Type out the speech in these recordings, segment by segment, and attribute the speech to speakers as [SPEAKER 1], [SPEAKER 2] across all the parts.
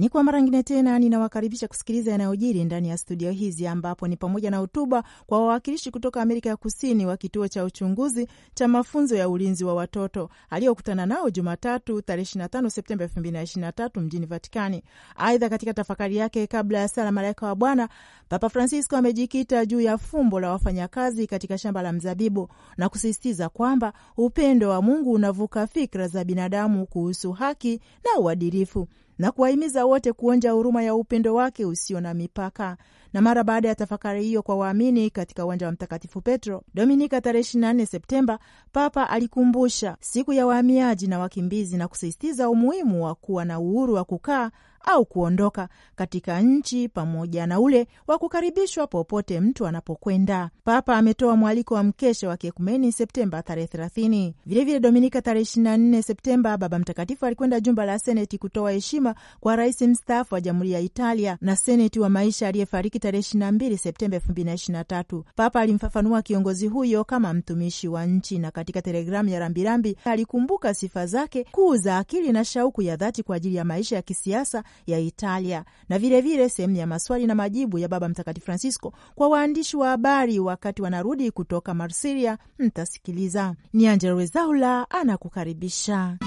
[SPEAKER 1] Ni kwa mara ngine tena ninawakaribisha kusikiliza yanayojiri ndani ya studio hizi ambapo ni pamoja na hotuba kwa wawakilishi kutoka Amerika ya Kusini wa kituo cha uchunguzi cha mafunzo ya ulinzi wa watoto aliyokutana nao Jumatatu tarehe 25 Septemba 2023 mjini Vatikani. Aidha, katika tafakari yake kabla ya sala Malaika wa Bwana, Papa Francisco amejikita juu ya fumbo la wafanyakazi katika shamba la mzabibu na kusisitiza kwamba upendo wa Mungu unavuka fikra za binadamu kuhusu haki na uadilifu na kuwahimiza wote kuonja huruma ya upendo wake usio na mipaka na mara baada ya tafakari hiyo kwa waamini katika uwanja wa Mtakatifu Petro, Dominika tarehe 24 Septemba, Papa alikumbusha siku ya wahamiaji na wakimbizi na kusisitiza umuhimu wa kuwa na uhuru wa kukaa au kuondoka katika nchi pamoja na ule wa kukaribishwa popote mtu anapokwenda. Papa ametoa mwaliko wa mkesha wa kiekumeni Septemba tarehe 30. Vilevile Dominika tarehe 24 Septemba, Baba Mtakatifu alikwenda jumba la Seneti kutoa heshima kwa rais mstaafu wa Jamhuri ya Italia na seneti wa maisha aliyefariki tarehe 22 Septemba 2023. Papa alimfafanua kiongozi huyo kama mtumishi wa nchi, na katika telegramu ya rambirambi alikumbuka sifa zake kuu za akili na shauku ya dhati kwa ajili ya maisha ya kisiasa ya Italia, na vilevile sehemu ya maswali na majibu ya Baba Mtakatifu Francisco kwa waandishi wa habari wakati wanarudi kutoka Marsilia. Mtasikiliza. Ni Angella wezaula anakukaribisha.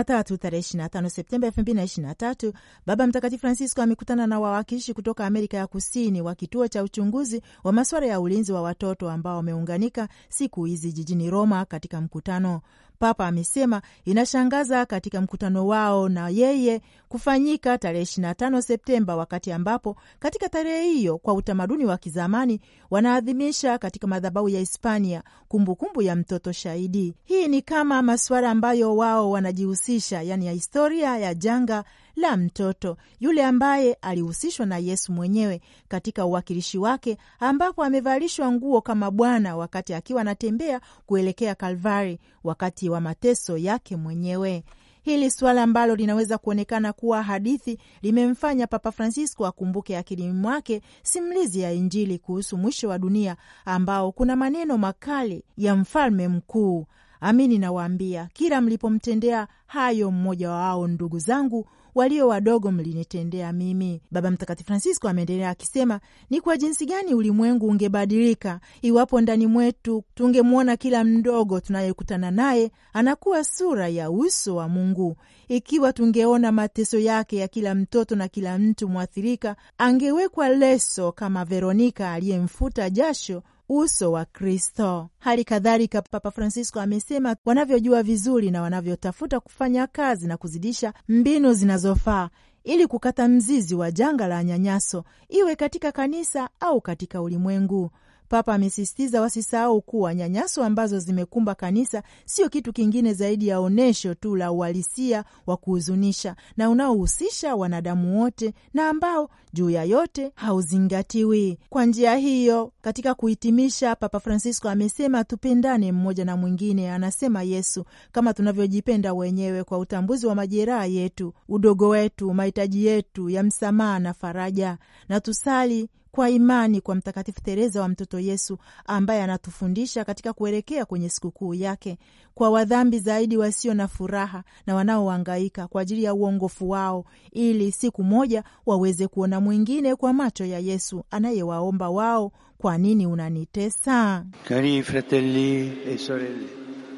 [SPEAKER 1] Jumatatu tarehe 25 Septemba 2023 Baba Mtakatifu Francisco amekutana na wawakilishi kutoka Amerika ya Kusini wa kituo cha uchunguzi wa masuala ya ulinzi wa watoto ambao wameunganika siku hizi jijini Roma katika mkutano Papa amesema inashangaza katika mkutano wao na yeye kufanyika tarehe 25 Septemba, wakati ambapo katika tarehe hiyo kwa utamaduni wa kizamani wanaadhimisha katika madhabahu ya Hispania kumbukumbu ya mtoto shahidi. Hii ni kama masuala ambayo wao wanajihusisha, yaani ya historia ya janga la mtoto yule ambaye alihusishwa na Yesu mwenyewe katika uwakilishi wake, ambapo amevalishwa nguo kama Bwana wakati akiwa anatembea kuelekea Kalvari wakati wa mateso yake mwenyewe. Hili suala ambalo linaweza kuonekana kuwa hadithi limemfanya Papa Francisco akumbuke akili mwake simulizi ya Injili kuhusu mwisho wa dunia ambao kuna maneno makali ya mfalme mkuu: Amini nawaambia, kila mlipomtendea hayo mmoja wao ndugu zangu, walio wadogo mlinitendea mimi. Baba Mtakatifu Francisco ameendelea akisema, ni kwa jinsi gani ulimwengu ungebadilika iwapo ndani mwetu tungemwona kila mdogo tunayekutana naye anakuwa sura ya uso wa Mungu. Ikiwa tungeona mateso yake ya kila mtoto na kila mtu mwathirika, angewekwa leso kama Veronika aliyemfuta jasho uso wa Kristo. Hali kadhalika, Papa Francisco amesema wanavyojua vizuri na wanavyotafuta kufanya kazi na kuzidisha mbinu zinazofaa ili kukata mzizi wa janga la nyanyaso, iwe katika kanisa au katika ulimwengu. Papa amesisitiza wasisahau kuwa nyanyaso ambazo zimekumba kanisa sio kitu kingine zaidi ya onyesho tu la uhalisia wa kuhuzunisha na unaohusisha wanadamu wote na ambao juu ya yote hauzingatiwi. Kwa njia hiyo, katika kuhitimisha, Papa Francisco amesema tupendane mmoja na mwingine, anasema Yesu, kama tunavyojipenda wenyewe, kwa utambuzi wa majeraha yetu, udogo wetu, mahitaji yetu ya msamaha na faraja, na tusali kwa imani kwa Mtakatifu Tereza wa Mtoto Yesu, ambaye anatufundisha katika kuelekea kwenye sikukuu yake, kwa wadhambi zaidi wasio na furaha na wanaohangaika kwa ajili ya uongofu wao, ili siku moja waweze kuona mwingine kwa macho ya Yesu anayewaomba wao, kwa nini unanitesa?
[SPEAKER 2] Cari fratelli e sorelle,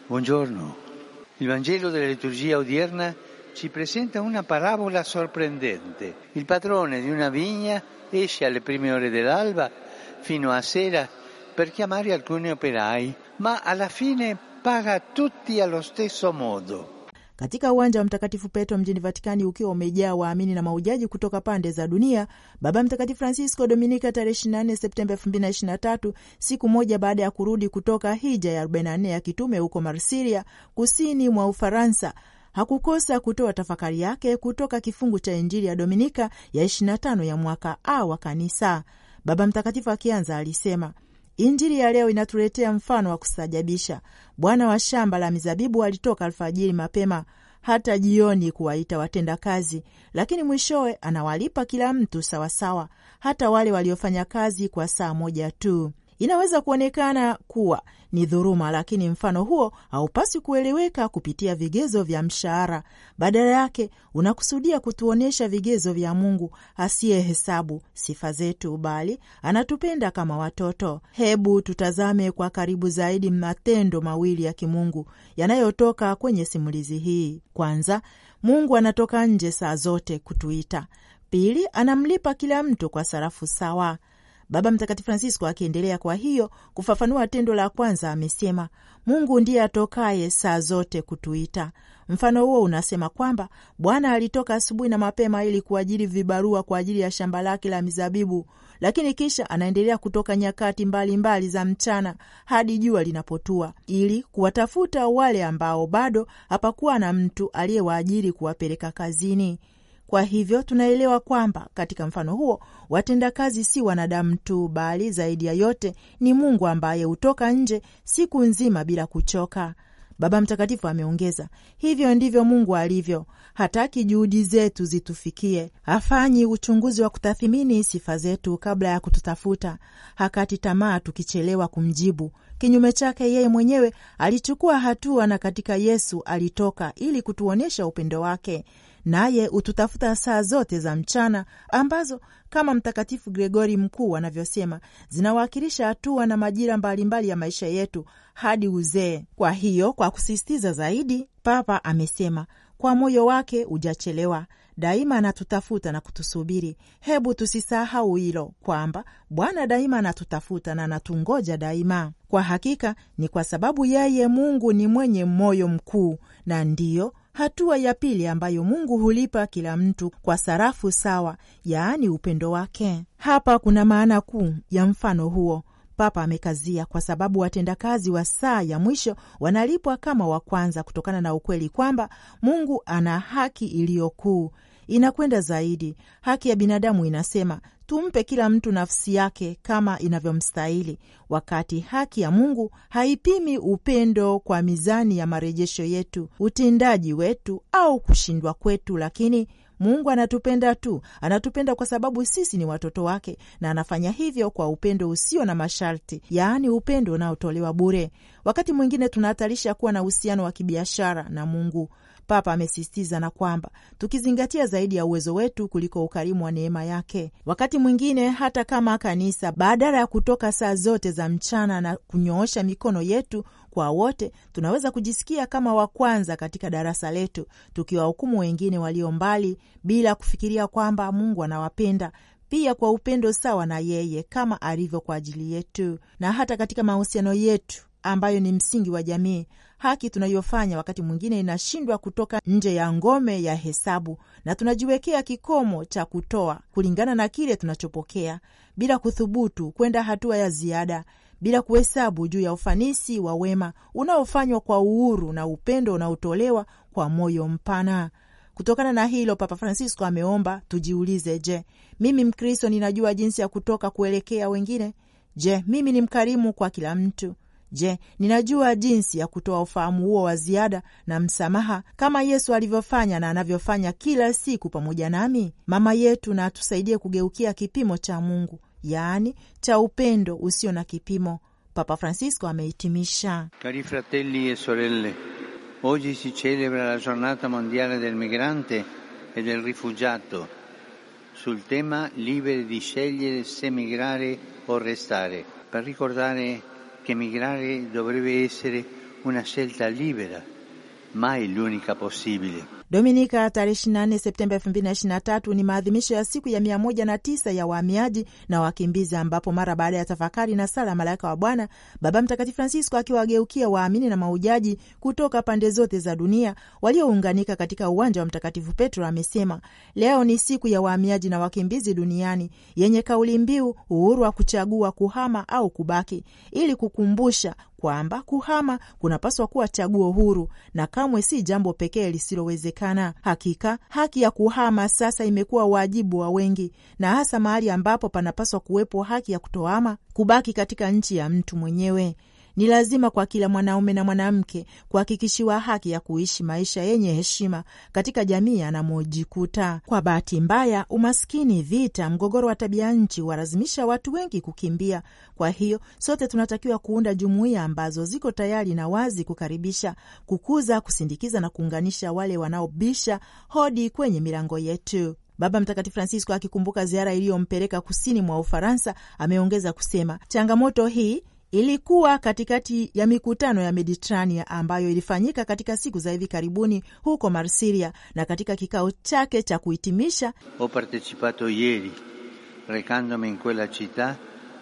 [SPEAKER 2] buongiorno. Il Vangelo della liturgia odierna ci presenta una parabola sorprendente. Il padrone di una vigna esce alle prime ore dell'alba fino a sera per chiamare alcuni operai, ma alla fine paga tutti allo stesso modo.
[SPEAKER 1] Katika uwanja wa Mtakatifu Petro mjini Vatikani ukiwa umejaa waamini na maujaji kutoka pande za dunia, Baba Mtakatifu Francisco Dominika tarehe 24 Septemba 2023, siku moja baada ya kurudi kutoka hija ya 44 ya kitume huko Marsilia kusini mwa Ufaransa hakukosa kutoa tafakari yake kutoka kifungu cha Injili ya Dominika ya 25 ya mwaka A wa Kanisa. Baba Mtakatifu akianza alisema, Injili ya leo inatuletea mfano wa kusajabisha Bwana wa shamba la mizabibu alitoka alfajiri mapema hata jioni kuwaita watenda kazi lakini mwishowe anawalipa kila mtu sawasawa, hata wale waliofanya kazi kwa saa moja tu. Inaweza kuonekana kuwa ni dhuruma lakini mfano huo haupaswi kueleweka kupitia vigezo vya mshahara. Badala yake, unakusudia kutuonyesha vigezo vya Mungu asiyehesabu sifa zetu, bali anatupenda kama watoto. Hebu tutazame kwa karibu zaidi matendo mawili ya kimungu yanayotoka kwenye simulizi hii. Kwanza, Mungu anatoka nje saa zote kutuita. Pili, anamlipa kila mtu kwa sarafu sawa. Baba Mtakatifu Francisco akiendelea kwa hiyo kufafanua tendo la kwanza, amesema Mungu ndiye atokaye saa zote kutuita. Mfano huo unasema kwamba Bwana alitoka asubuhi na mapema ili kuajiri vibarua kwa ajili ya shamba lake la mizabibu, lakini kisha anaendelea kutoka nyakati mbalimbali mbali za mchana hadi jua linapotua ili kuwatafuta wale ambao bado hapakuwa na mtu aliyewaajiri kuwapeleka kazini. Kwa hivyo tunaelewa kwamba katika mfano huo watendakazi si wanadamu tu, bali zaidi ya yote ni Mungu ambaye hutoka nje siku nzima bila kuchoka. Baba Mtakatifu ameongeza, hivyo ndivyo Mungu alivyo. Hataki juhudi zetu zitufikie, hafanyi uchunguzi wa kutathimini sifa zetu kabla ya kututafuta, hakati tamaa tukichelewa kumjibu. Kinyume chake, yeye mwenyewe alichukua hatua na katika Yesu alitoka ili kutuonyesha upendo wake naye hututafuta saa zote za mchana ambazo kama Mtakatifu Gregori Mkuu anavyosema zinawakilisha hatua na majira mbalimbali mbali ya maisha yetu hadi uzee. Kwa hiyo, kwa kusisitiza zaidi, Papa amesema kwa moyo wake hujachelewa daima anatutafuta na kutusubiri. Hebu tusisahau hilo kwamba Bwana daima anatutafuta na anatungoja daima. Kwa hakika ni kwa sababu yeye Mungu ni mwenye moyo mkuu, na ndiyo hatua ya pili ambayo Mungu hulipa kila mtu kwa sarafu sawa, yaani upendo wake. Hapa kuna maana kuu ya mfano huo. Papa amekazia kwa sababu watendakazi wa saa ya mwisho wanalipwa kama wa kwanza, kutokana na ukweli kwamba Mungu ana haki iliyo kuu Inakwenda zaidi. Haki ya binadamu inasema tumpe kila mtu nafsi yake kama inavyomstahili, wakati haki ya Mungu haipimi upendo kwa mizani ya marejesho yetu, utendaji wetu au kushindwa kwetu, lakini Mungu anatupenda tu, anatupenda kwa sababu sisi ni watoto wake, na anafanya hivyo kwa upendo usio na masharti, yaani upendo unaotolewa bure. Wakati mwingine tunahatarisha kuwa na uhusiano wa kibiashara na Mungu Papa amesisitiza na kwamba tukizingatia zaidi ya uwezo wetu kuliko ukarimu wa neema yake, wakati mwingine hata kama kanisa, badala ya kutoka saa zote za mchana na kunyoosha mikono yetu kwa wote, tunaweza kujisikia kama wa kwanza katika darasa letu, tukiwahukumu wengine walio mbali bila kufikiria kwamba Mungu anawapenda pia kwa upendo sawa na yeye kama alivyo kwa ajili yetu. Na hata katika mahusiano yetu ambayo ni msingi wa jamii. Haki tunayofanya wakati mwingine inashindwa kutoka nje ya ngome ya hesabu, na tunajiwekea kikomo cha kutoa kulingana na kile tunachopokea, bila kuthubutu kwenda hatua ya ziada, bila kuhesabu juu ya ufanisi wa wema unaofanywa kwa uhuru na upendo unaotolewa kwa moyo mpana. Kutokana na hilo, Papa Francisco ameomba tujiulize: je, mimi Mkristo ninajua jinsi ya kutoka kuelekea wengine? Je, mimi ni mkarimu kwa kila mtu? Je, ninajua jinsi ya kutoa ufahamu huo wa ziada na msamaha kama Yesu alivyofanya na anavyofanya kila siku pamoja nami? Mama yetu na atusaidie kugeukia kipimo cha Mungu, yaani cha upendo usio na kipimo. Papa Francisco amehitimisha:
[SPEAKER 2] Cari fratelli e sorelle, oggi si celebra la giornata mondiale del migrante e del rifugiato sul tema liberi di scegliere se migrare o restare per ricordare che emigrare dovrebbe essere una scelta libera, mai l'unica possibile.
[SPEAKER 1] Dominika tarehe 24 Septemba 2023 ni maadhimisho ya siku ya 109 ya wahamiaji na wakimbizi, ambapo mara baada ya tafakari na sala malaika wa Bwana, Baba Mtakatifu Francisco akiwageukia waamini na maujaji kutoka pande zote za dunia waliounganika katika uwanja wa Mtakatifu Petro amesema, leo ni siku ya wahamiaji na wakimbizi duniani yenye kauli mbiu uhuru wa kuchagua kuhama au kubaki, ili kukumbusha kwamba kuhama kunapaswa kuwa chaguo huru na kamwe si jambo pekee lisilowezekana kupatikana. Hakika haki ya kuhama sasa imekuwa wajibu wa wengi, na hasa mahali ambapo panapaswa kuwepo haki ya kutohama, kubaki katika nchi ya mtu mwenyewe. Ni lazima kwa kila mwanaume na mwanamke kuhakikishiwa haki ya kuishi maisha yenye heshima katika jamii anamojikuta. Kwa bahati mbaya, umaskini, vita, mgogoro wa tabia nchi walazimisha watu wengi kukimbia. Kwa hiyo sote tunatakiwa kuunda jumuiya ambazo ziko tayari na wazi kukaribisha, kukuza, kusindikiza na kuunganisha wale wanaobisha hodi kwenye milango yetu. Baba Mtakatifu Francisco akikumbuka ziara iliyompeleka kusini mwa Ufaransa ameongeza kusema changamoto hii ilikuwa katikati ya mikutano ya Mediterania ambayo ilifanyika katika siku za hivi karibuni huko Marsiria, na katika kikao chake cha kuhitimisha,
[SPEAKER 2] ho partecipato ieri recandomi in quella città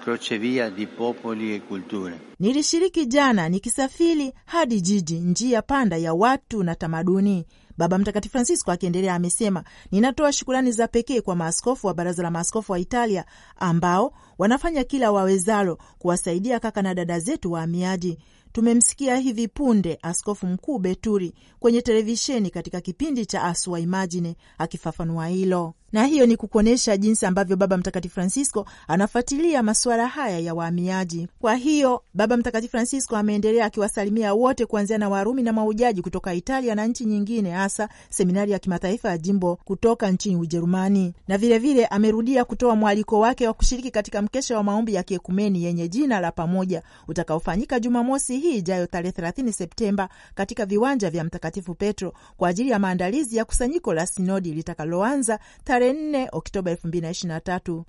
[SPEAKER 2] crocevia di popoli e culture,
[SPEAKER 1] nilishiriki jana nikisafiri hadi jiji, njia panda ya watu na tamaduni. Baba Mtakatifu Francisco akiendelea amesema, ninatoa shukurani za pekee kwa maaskofu wa Baraza la Maaskofu wa Italia ambao wanafanya kila wawezalo kuwasaidia kaka na dada zetu wahamiaji. Tumemsikia hivi punde Askofu Mkuu Beturi kwenye televisheni katika kipindi cha Aswa Imagine akifafanua hilo na hiyo ni kukuonyesha jinsi ambavyo Baba Mtakatifu Francisco anafuatilia masuala haya ya wahamiaji. Kwa hiyo Baba Mtakatifu Francisco ameendelea akiwasalimia wote kuanzia na Warumi na maujaji kutoka Italia na nchi nyingine, hasa seminari ya kimataifa ya jimbo kutoka nchini Ujerumani, na vilevile vile amerudia kutoa mwaliko wake wa kushiriki katika mkesha wa maombi ya kiekumeni yenye jina la pamoja utakaofanyika Jumamosi hii ijayo tarehe 30 Septemba katika viwanja vya Mtakatifu Petro kwa ajili ya maandalizi ya kusanyiko la sinodi litakaloanza tarehe 4 Oktoba 2023.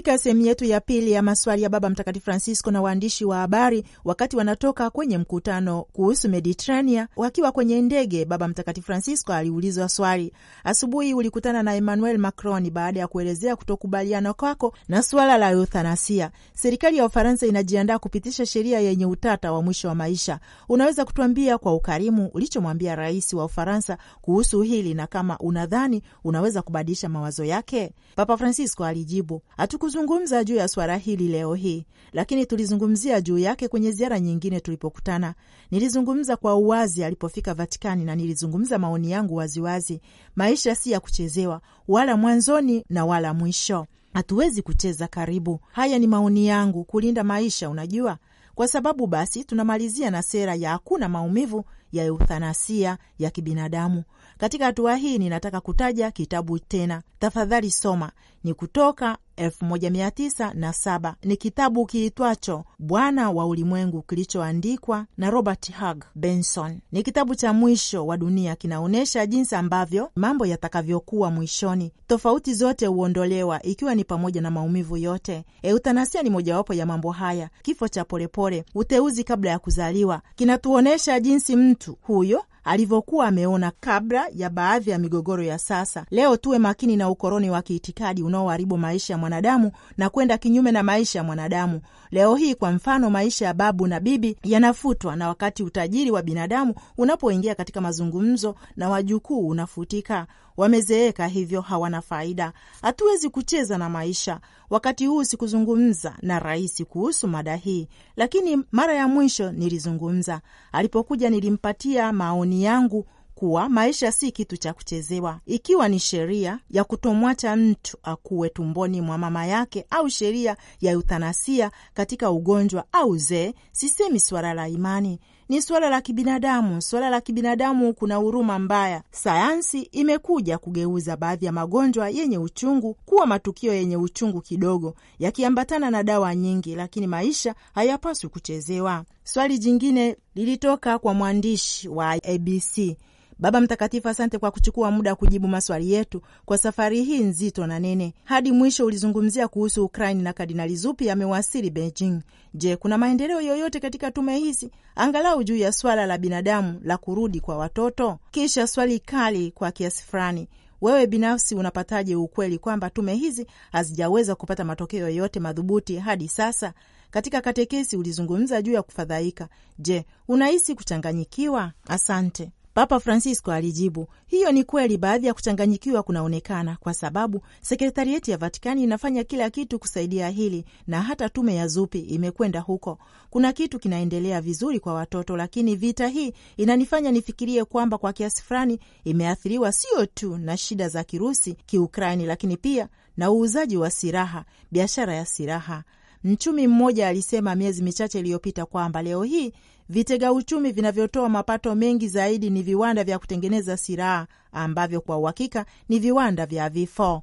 [SPEAKER 1] Katika sehemu yetu ya pili ya maswali ya Baba Mtakatifu Francisco na waandishi wa habari wakati wanatoka kwenye mkutano kuhusu Mediterania wakiwa kwenye ndege, Baba Mtakatifu Francisco aliulizwa swali: asubuhi ulikutana na Emmanuel Macron baada ya kuelezea kutokubaliana kwako na suala la euthanasia. Serikali ya Ufaransa inajiandaa kupitisha sheria yenye utata wa mwisho wa maisha. Unaweza kutuambia kwa ukarimu ulichomwambia rais wa Ufaransa kuhusu hili na kama unadhani unaweza kubadilisha mawazo yake? Papa Francisco alijibu Hatuku kuzungumza juu ya swala hili leo hii, lakini tulizungumzia juu yake kwenye ziara nyingine tulipokutana. Nilizungumza kwa uwazi alipofika Vatikani na nilizungumza maoni yangu waziwazi wazi. Maisha si ya kuchezewa, wala mwanzoni na wala mwisho. Hatuwezi kucheza karibu. Haya ni maoni yangu, kulinda maisha, unajua. Kwa sababu basi tunamalizia na sera ya hakuna maumivu ya euthanasia ya kibinadamu. Katika hatua hii ninataka kutaja kitabu tena, tafadhali soma, ni kutoka 1907 ni kitabu kiitwacho Bwana wa Ulimwengu kilichoandikwa na Robert Hugh Benson. Ni kitabu cha mwisho wa dunia, kinaonyesha jinsi ambavyo mambo yatakavyokuwa mwishoni. Tofauti zote huondolewa, ikiwa ni pamoja na maumivu yote. Eutanasia ni mojawapo ya mambo haya, kifo cha polepole, uteuzi kabla ya kuzaliwa. Kinatuonyesha jinsi mtu huyo alivyokuwa ameona kabla ya baadhi ya migogoro ya sasa. Leo tuwe makini na ukoloni wa kiitikadi unaoharibu maisha ya mwanadamu na kwenda kinyume na maisha ya mwanadamu. Leo hii, kwa mfano, maisha ya babu na bibi yanafutwa, na wakati utajiri wa binadamu unapoingia katika mazungumzo na wajukuu unafutika wamezeeka, hivyo hawana faida. Hatuwezi kucheza na maisha. Wakati huu sikuzungumza na rais kuhusu mada hii, lakini mara ya mwisho nilizungumza, alipokuja nilimpatia maoni yangu kuwa maisha si kitu cha kuchezewa, ikiwa ni sheria ya kutomwacha mtu akuwe tumboni mwa mama yake au sheria ya euthanasia katika ugonjwa au zee Sisemi suala la imani ni suala la kibinadamu. Suala la kibinadamu, kuna huruma mbaya. Sayansi imekuja kugeuza baadhi ya magonjwa yenye uchungu kuwa matukio yenye uchungu kidogo, yakiambatana na dawa nyingi, lakini maisha hayapaswi kuchezewa. Swali jingine lilitoka kwa mwandishi wa ABC Baba Mtakatifu, asante kwa kuchukua muda wa kujibu maswali yetu kwa safari hii nzito na nene. Hadi mwisho ulizungumzia kuhusu Ukraini na Kardinali zupi amewasili Beijing. Je, kuna maendeleo yoyote katika tume hizi, angalau juu ya swala la binadamu la kurudi kwa watoto? Kisha swali kali kwa kiasi fulani wewe binafsi unapataje ukweli kwamba tume hizi hazijaweza kupata matokeo yoyote madhubuti hadi sasa? Katika katekesi ulizungumza juu ya kufadhaika. Je, unahisi kuchanganyikiwa? Asante. Papa Francisco alijibu, hiyo ni kweli, baadhi ya kuchanganyikiwa kunaonekana kwa sababu sekretarieti ya Vatikani inafanya kila kitu kusaidia hili, na hata tume ya Zupi imekwenda huko. Kuna kitu kinaendelea vizuri kwa watoto, lakini vita hii inanifanya nifikirie kwamba kwa kiasi fulani imeathiriwa sio tu na shida za kirusi Kiukraini, lakini pia na uuzaji wa silaha, biashara ya silaha. Mchumi mmoja alisema miezi michache iliyopita kwamba leo hii Vitega uchumi vinavyotoa mapato mengi zaidi ni viwanda vya kutengeneza silaha ambavyo kwa uhakika ni viwanda vya vifo.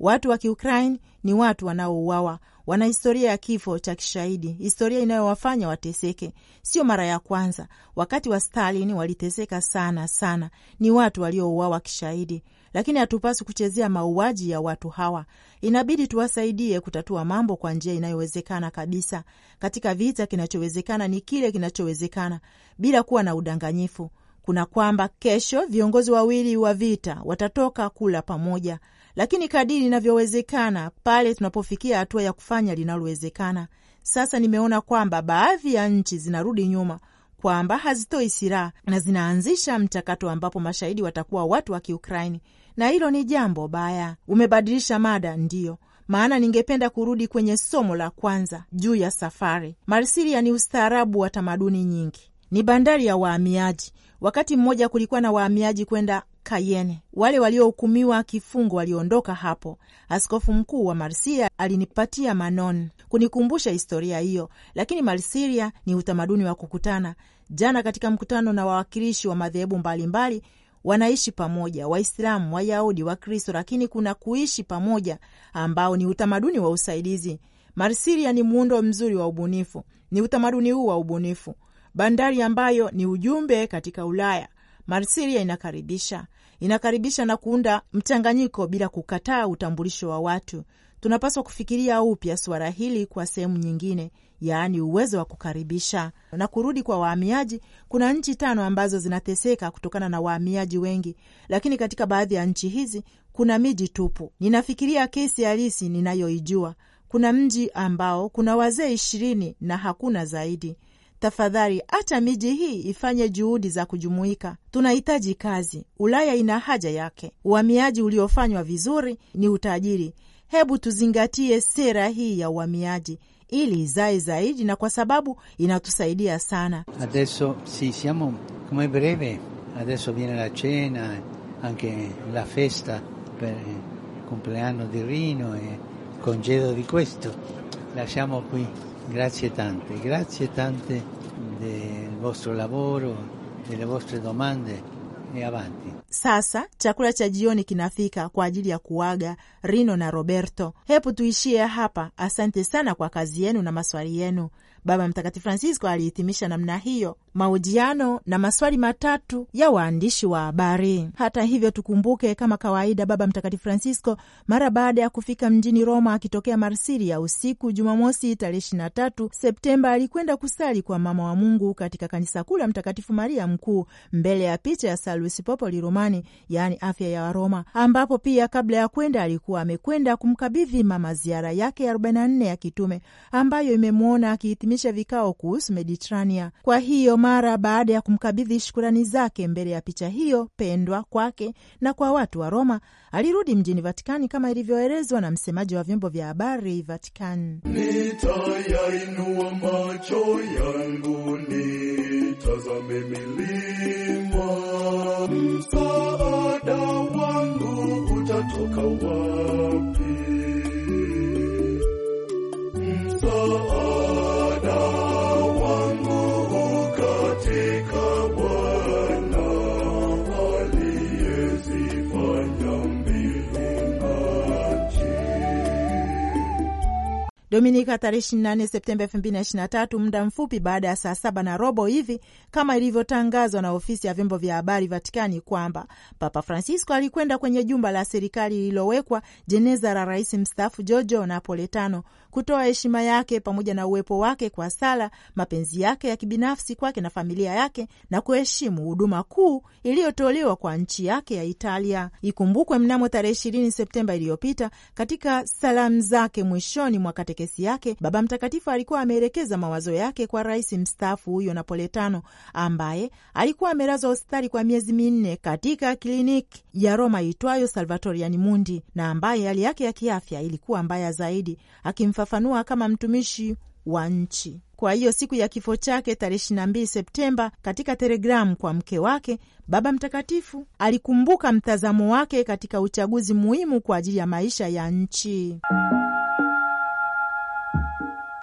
[SPEAKER 1] Watu wa Kiukraini ni watu wanaouawa, wana historia ya kifo cha kishahidi, historia inayowafanya wateseke. Sio mara ya kwanza, wakati wa Stalin waliteseka sana sana. Ni watu waliouawa kishahidi lakini hatupaswi kuchezea mauaji ya watu hawa. Inabidi tuwasaidie kutatua mambo kwa njia inayowezekana kabisa. Katika vita, kinachowezekana ni kile kinachowezekana bila kuwa na udanganyifu. Kuna kwamba kesho viongozi wawili wa vita watatoka kula pamoja, lakini kadiri inavyowezekana, pale tunapofikia hatua ya kufanya linalowezekana. Sasa nimeona kwamba baadhi ya nchi zinarudi nyuma kwamba hazitoi silaha na zinaanzisha mchakato ambapo mashahidi watakuwa watu wa Kiukraini na hilo ni jambo baya. Umebadilisha mada, ndiyo maana ningependa kurudi kwenye somo la kwanza juu ya safari. Marsilia ni ustaarabu wa tamaduni nyingi, ni bandari ya wahamiaji. Wakati mmoja kulikuwa na wahamiaji kwenda Kayene. Wale waliohukumiwa kifungo waliondoka hapo. Askofu mkuu wa Marsilia alinipatia manon kunikumbusha historia hiyo, lakini Marsilia ni utamaduni wa kukutana. Jana katika mkutano na wawakilishi wa madhehebu mbalimbali wanaishi pamoja, Waislamu, Wayahudi, Wakristo, lakini kuna kuishi pamoja ambao ni utamaduni wa usaidizi. Marsilia ni muundo mzuri wa ubunifu, ni utamaduni huu wa ubunifu. Bandari ambayo ni ujumbe katika Ulaya, Marsilia inakaribisha inakaribisha na kuunda mchanganyiko bila kukataa utambulisho wa watu. Tunapaswa kufikiria upya suala hili kwa sehemu nyingine, yaani uwezo wa kukaribisha na kurudi kwa wahamiaji. Kuna nchi tano ambazo zinateseka kutokana na wahamiaji wengi, lakini katika baadhi ya nchi hizi kuna miji tupu. Ninafikiria kesi halisi ninayoijua. Kuna mji ambao kuna wazee ishirini na hakuna zaidi. Tafadhali hata miji hii ifanye juhudi za kujumuika. Tunahitaji kazi, Ulaya ina haja yake. Uhamiaji uliofanywa vizuri ni utajiri. Hebu tuzingatie sera hii ya uhamiaji ili izae zaidi, na kwa sababu inatusaidia sana.
[SPEAKER 2] Adesso si siamo come breve adesso viene la cena anche la festa per kumpleano compleanno di Rino e congedo di questo lasciamo qui Grazie tante, grazie tante del vostro lavoro, delle vostre domande. E avanti.
[SPEAKER 1] Sasa chakula cha jioni kinafika kwa ajili ya kuaga Rino na Roberto. Hebu tuishie hapa. Asante sana kwa kazi yenu na maswali yenu. Baba Mtakatifu Francisco alihitimisha namna hiyo mahojiano na maswali matatu ya waandishi wa habari. Hata hivyo, tukumbuke kama kawaida, Baba Mtakatifu Francisco mara baada ya kufika mjini Roma akitokea marsilia usiku Jumamosi tarehe 23 Septemba alikwenda kusali kwa mama wa Mungu katika kanisa kuu la Mtakatifu Maria Mkuu mbele ya picha ya Salus popoli Romani, yaani afya ya Waroma, ambapo pia kabla ya kwenda alikuwa amekwenda kumkabidhi mama ziara yake ya 44 ya kitume ambayo imemwona aki kuhitimisha vikao kuhusu Mediterania. Kwa hiyo mara baada ya kumkabidhi shukurani zake mbele ya picha hiyo pendwa kwake na kwa watu wa Roma, alirudi mjini Vatikani kama ilivyoelezwa na msemaji wa vyombo vya habari Vatikani:
[SPEAKER 2] nitayainua macho yangu nitazame milima
[SPEAKER 1] Dominika tarehe 28 Septemba 2023 muda mfupi baada ya saa saba na robo hivi, kama ilivyotangazwa na ofisi ya vyombo vya habari Vatikani kwamba Papa Francisco alikwenda kwenye jumba la serikali lililowekwa jeneza la rais mstaafu Giorgio Napoletano kutoa heshima yake pamoja na uwepo wake kwa sala, mapenzi yake ya kibinafsi kwake na familia yake, na kuheshimu huduma kuu iliyotolewa kwa nchi yake ya Italia. Ikumbukwe mnamo tarehe ishirini Septemba iliyopita, katika salamu zake mwishoni mwa katekesi yake, Baba Mtakatifu alikuwa ameelekeza mawazo yake kwa rais mstaafu huyo Napoletano, ambaye alikuwa amelazwa hospitali kwa miezi minne katika kliniki ya Roma itwayo Salvatoriani Mundi, na ambaye hali yake ya kiafya ilikuwa mbaya zaidi akimfa kujifafanua kama mtumishi wa nchi. Kwa hiyo siku ya kifo chake tarehe 22 Septemba, katika telegramu kwa mke wake, Baba Mtakatifu alikumbuka mtazamo wake katika uchaguzi muhimu kwa ajili ya maisha ya nchi.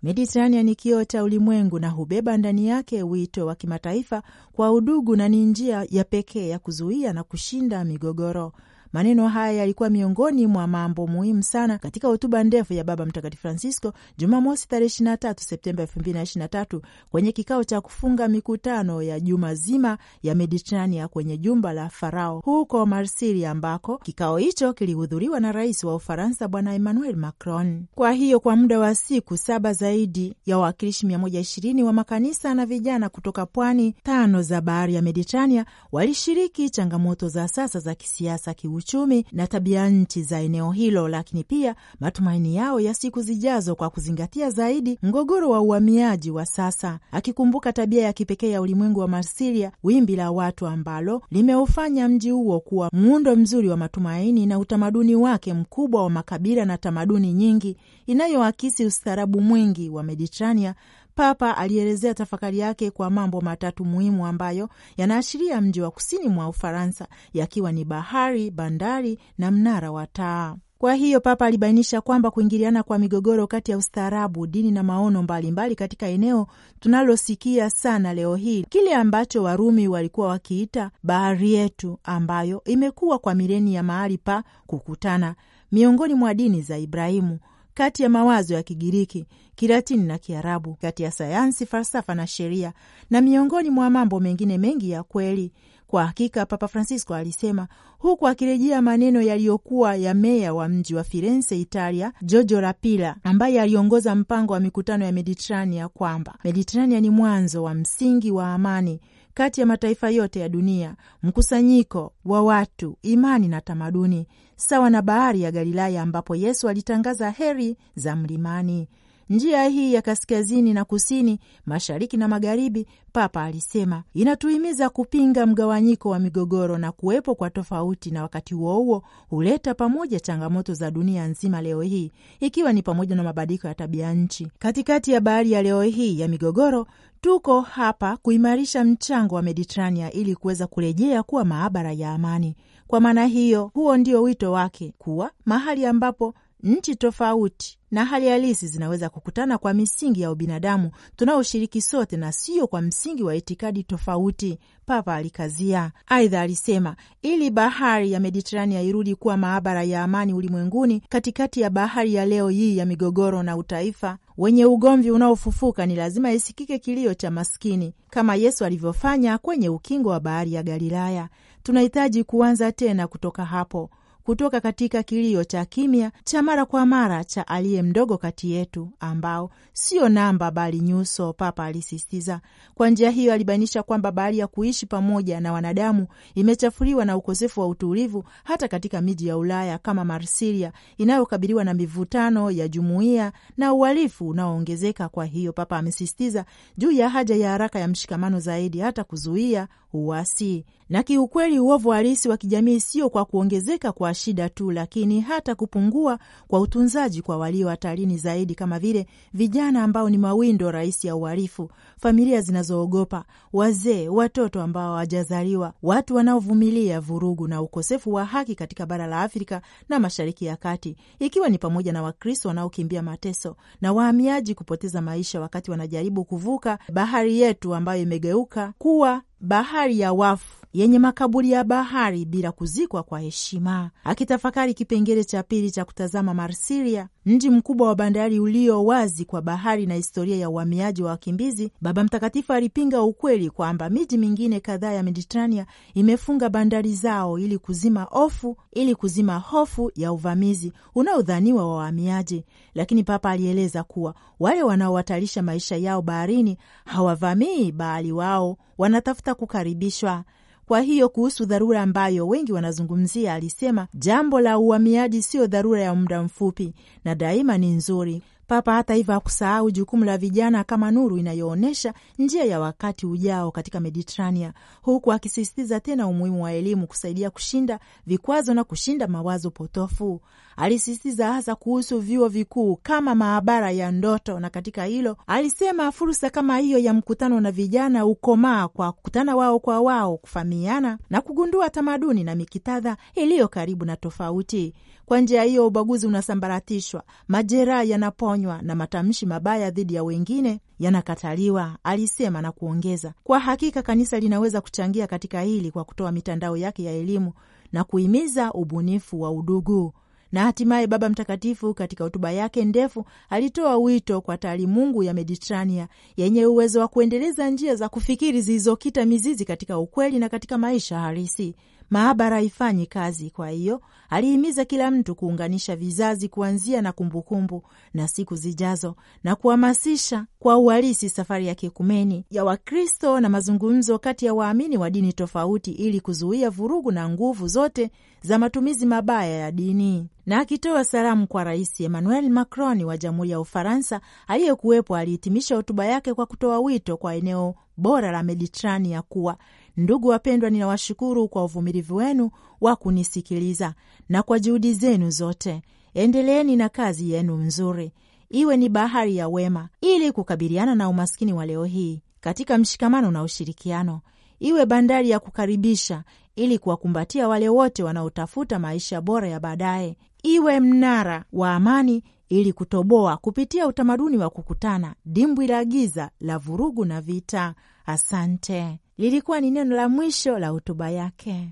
[SPEAKER 1] Mediterania ni kioo cha ulimwengu na hubeba ndani yake wito wa kimataifa kwa udugu na ni njia ya pekee ya kuzuia na kushinda migogoro. Maneno haya yalikuwa miongoni mwa mambo muhimu sana katika hotuba ndefu ya Baba Mtakatifu Francisco Jumamosi tarehe 23 Septemba 2023 kwenye kikao cha kufunga mikutano ya juma zima ya Mediterania kwenye jumba la Farao huko marsili ambako kikao hicho kilihudhuriwa na rais wa Ufaransa Bwana Emmanuel Macron. Kwa hiyo kwa muda wa siku saba zaidi ya wawakilishi 120 wa makanisa na vijana kutoka pwani tano za bahari ya Mediterania walishiriki changamoto za sasa za kisiasa, kiuchumi kiuchumi na tabia nchi za eneo hilo, lakini pia matumaini yao ya siku zijazo, kwa kuzingatia zaidi mgogoro wa uhamiaji wa sasa, akikumbuka tabia ya kipekee ya ulimwengu wa Marsilia, wimbi la watu ambalo limeufanya mji huo kuwa muundo mzuri wa matumaini na utamaduni wake mkubwa wa makabila na tamaduni nyingi inayoakisi ustaarabu mwingi wa Mediterania Papa alielezea tafakari yake kwa mambo matatu muhimu ambayo yanaashiria mji wa kusini mwa Ufaransa, yakiwa ni bahari, bandari na mnara wa taa. Kwa hiyo Papa alibainisha kwamba kuingiliana kwa migogoro kati ya ustaarabu, dini na maono mbalimbali mbali katika eneo tunalosikia sana leo hii, kile ambacho Warumi walikuwa wakiita bahari yetu, ambayo imekuwa kwa ya mahali pa kukutana miongoni mwa dini za Ibrahimu kati ya mawazo ya Kigiriki, Kilatini na Kiarabu, kati ya sayansi, falsafa na sheria, na miongoni mwa mambo mengine mengi ya kweli. Kwa hakika Papa Francisco alisema huku akirejea maneno yaliyokuwa ya meya wa mji wa Firenze, Italia, Giorgio Rapila, ambaye aliongoza mpango wa mikutano ya Mediterania kwamba Mediterania ni mwanzo wa msingi wa amani kati ya mataifa yote ya dunia, mkusanyiko wa watu, imani na tamaduni, sawa na bahari ya Galilaya ambapo Yesu alitangaza heri za mlimani. Njia hii ya kaskazini na kusini, mashariki na magharibi, Papa alisema, inatuhimiza kupinga mgawanyiko wa migogoro na kuwepo kwa tofauti, na wakati huo huo huleta pamoja changamoto za dunia nzima leo hii, ikiwa ni pamoja na mabadiliko ya tabia nchi. Katikati ya bahari ya leo hii ya migogoro, tuko hapa kuimarisha mchango wa Mediterania ili kuweza kurejea kuwa maabara ya amani. Kwa maana hiyo, huo ndio wito wake, kuwa mahali ambapo nchi tofauti na hali halisi zinaweza kukutana kwa misingi ya ubinadamu tunaoshiriki sote na sio kwa msingi wa itikadi tofauti, Papa alikazia. Aidha alisema ili bahari ya Mediterania irudi kuwa maabara ya amani ulimwenguni, katikati ya bahari ya leo hii ya migogoro na utaifa wenye ugomvi unaofufuka, ni lazima isikike kilio cha maskini, kama Yesu alivyofanya kwenye ukingo wa bahari ya Galilaya. Tunahitaji kuanza tena kutoka hapo kutoka katika kilio cha kimya cha mara kwa mara cha aliye mdogo kati yetu, ambao sio namba bali nyuso, Papa alisisitiza. Kwa njia hiyo alibainisha kwamba bahari ya kuishi pamoja na wanadamu imechafuliwa na ukosefu wa utulivu, hata katika miji ya Ulaya kama Marsilia inayokabiliwa na mivutano ya jumuiya na uhalifu unaoongezeka. Kwa hiyo Papa amesisitiza juu ya haja ya haraka ya mshikamano zaidi, hata kuzuia uasi na kiukweli, uovu halisi wa kijamii sio kwa kuongezeka kwa shida tu, lakini hata kupungua kwa utunzaji kwa walio hatarini zaidi, kama vile vijana ambao ni mawindo rahisi ya uhalifu, familia zinazoogopa, wazee, watoto ambao hawajazaliwa, watu wanaovumilia vurugu na ukosefu wa haki katika bara la Afrika na Mashariki ya Kati, ikiwa ni pamoja na Wakristo wanaokimbia mateso na wahamiaji kupoteza maisha wakati wanajaribu kuvuka bahari yetu ambayo imegeuka kuwa bahari ya wafu yenye makaburi ya bahari bila kuzikwa kwa heshima, akitafakari kipengele cha pili cha kutazama Marsiria, mji mkubwa wa bandari ulio wazi kwa bahari na historia ya uhamiaji wa wakimbizi. Baba Mtakatifu alipinga ukweli kwamba miji mingine kadhaa ya Mediterania imefunga bandari zao ili kuzima hofu ili kuzima hofu ya uvamizi unaodhaniwa wa wahamiaji, lakini Papa alieleza kuwa wale wanaohatarisha maisha yao baharini hawavamii, bahali wao wanatafuta kukaribishwa. Kwa hiyo kuhusu dharura ambayo wengi wanazungumzia, alisema jambo la uhamiaji siyo dharura ya muda mfupi na daima ni nzuri Papa hata hivyo hakusahau jukumu la vijana kama nuru inayoonyesha njia ya wakati ujao katika Mediterania, huku akisisitiza tena umuhimu wa elimu kusaidia kushinda vikwazo na kushinda mawazo potofu. Alisisitiza hasa kuhusu vyuo vikuu kama maabara ya ndoto, na katika hilo alisema fursa kama hiyo ya mkutano na vijana hukomaa kwa kukutana wao kwa wao, kufahamiana na kugundua tamaduni na mikitadha iliyo karibu na tofauti. Kwa njia hiyo ubaguzi unasambaratishwa, majeraha yanaponywa na matamshi mabaya dhidi ya wengine yanakataliwa, alisema na kuongeza, kwa hakika kanisa linaweza kuchangia katika hili kwa kutoa mitandao yake ya elimu na kuhimiza ubunifu wa udugu. Na hatimaye Baba Mtakatifu katika hotuba yake ndefu alitoa wito kwa taalimungu ya Mediterania yenye uwezo wa kuendeleza njia za kufikiri zilizokita mizizi katika ukweli na katika maisha halisi maabara haifanyi kazi. Kwa hiyo alihimiza kila mtu kuunganisha vizazi, kuanzia na kumbukumbu kumbu na siku zijazo, na kuhamasisha kwa uhalisi safari ya kiekumeni ya Wakristo na mazungumzo kati ya waamini wa dini tofauti, ili kuzuia vurugu na nguvu zote za matumizi mabaya ya dini na akitoa salamu kwa Rais Emmanuel Macron wa Jamhuri ya Ufaransa aliyekuwepo, alihitimisha hotuba yake kwa kutoa wito kwa eneo bora la Mediterania kuwa Ndugu wapendwa, ninawashukuru kwa uvumilivu wenu wa kunisikiliza na kwa juhudi zenu zote. Endeleeni na kazi yenu nzuri, iwe ni bahari ya wema, ili kukabiliana na umaskini wa leo hii katika mshikamano na ushirikiano, iwe bandari ya kukaribisha, ili kuwakumbatia wale wote wanaotafuta maisha bora ya baadaye, iwe mnara wa amani ili kutoboa kupitia utamaduni wa kukutana dimbwi la giza la vurugu na vita. Asante lilikuwa ni neno la mwisho la hotuba yake.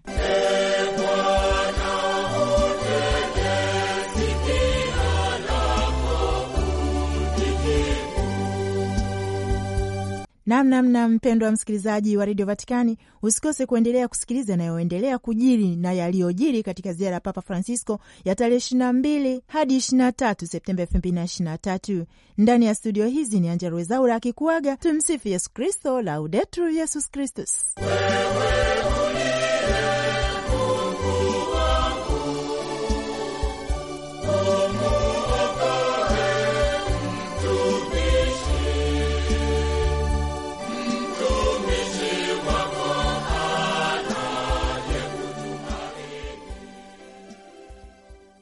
[SPEAKER 1] namnamna. Mpendwa msikilizaji wa redio Vatikani, usikose kuendelea kusikiliza yanayoendelea kujiri na yaliyojiri katika ziara ya Papa Francisco ya tarehe 22 hadi 23 Septemba 2023. Ndani ya studio hizi ni Angella Rwezaura akikuaga. Tumsifu Yesu Kristo, Laudetur Yesus Kristus.